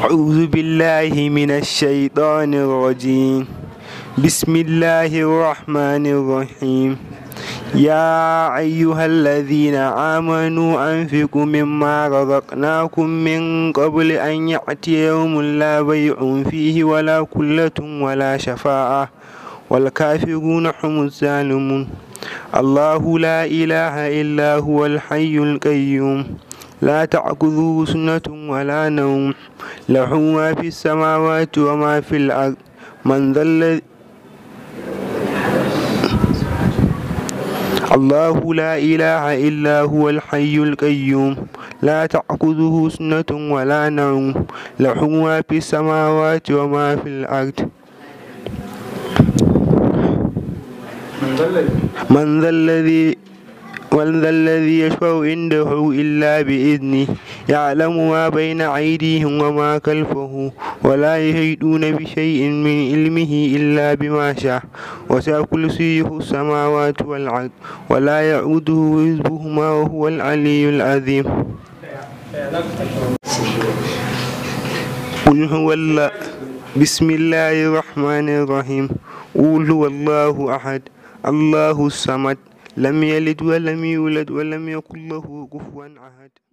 أعوذ بالله من الشيطان الرجيم بسم الله الرحمن الرحيم يا أيها الذين آمنوا أنفقوا مما رزقناكم من قبل أن يأتي يوم لا بيع فيه ولا كلة ولا شفاعة والكافرون هم الظالمون الله لا إله إلا هو الحي القيوم لا تأخذه سنة ولا نوم له ما في السماوات وما في الأرض من ذا الذي الله لا إله إلا هو الحي القيوم لا تأخذه سنة ولا نوم له ما في السماوات وما في الأرض من ذا الذي ذا الذي يشفع عنده إلا بإذنه يعلم ما بين أيديهم وما خلفه ولا يحيطون بشيء من علمه إلا بما شاء وسع كرسيه السماوات والأرض ولا يعوده حزبهما وهو العلي العظيم قل هو الله بسم الله الرحمن الرحيم قل هو الله أحد الله الصمد لم يلد ولم يولد ولم يكن له كفوا أحد